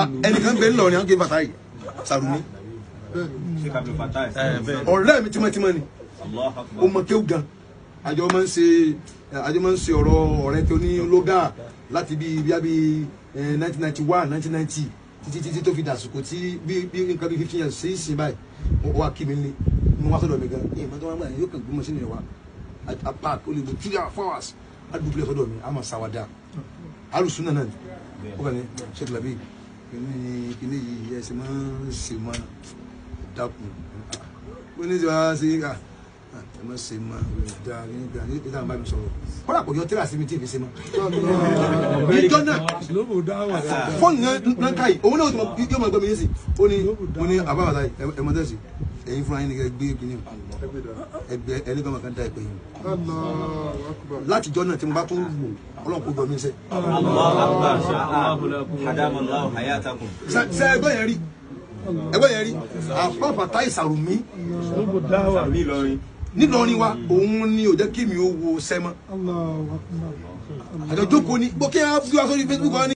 Ah, ẹnìkan bẹ ńlọrin àwọn kì í bàtà yìí sàrùmí ọ̀rẹ́ mi tímọ́tímọ́ ni ó mọ kéwù gan àjọ máa ń ṣe àjọ máa ń ṣe ọ̀rọ̀ ọ̀rẹ́ tó ní lóga láti bíi bíi bíi nineteen ninety one nineteen ninety títí títí tó fi dàsùkò tí bí bí nǹkan bíi fifteen years sí ìsìn báyìí ó wà kí mi ní mo wá sọ́dọ̀ mi gan ẹ̀yìn mọ́tò wọn gbà yóò kàn gbọ́mọ sínú ìwà a park ó lè bu three hours á dùbúlẹ̀ sọ́dọ̀ mi á máa ṣàwádà alùsùn náà náà ó kàn ní kíní ni kíní yìí ẹ sì máa ń ṣe mọ́ dákun. ó ní ti sí ká ẹ mọ̀ ṣe mọ̀ ìdá nígbà nígbà bá mi sọ̀rọ̀ kọ́lá kò yọ tíra sí tí èmi ṣe mọ̀. ìjọ náà fóònù náà káyì òun náà yóò máa gbọ́ mi yé sí ó ní mo ní àbáwọ̀lá ẹ mọ̀ tẹ̀sí ẹ̀yin fúnra yín ni gbé kínní ẹgbẹ́ ẹni gbọ́n kan dá ẹgbẹ́ yín. láti jọ náà tí mo bá tún wò ọlọ́run kò gbọ́ mi sẹ́. sẹ́ ẹgbẹ́ yẹn rí ẹgbẹ́ yẹn rí àpá ìsàrùmí nílọrin wa òun ni ò jẹ́ kí mi ó wo sẹ́mọ́ àjọjókòó ni bó kí fi wá sórí Facebook wa ní.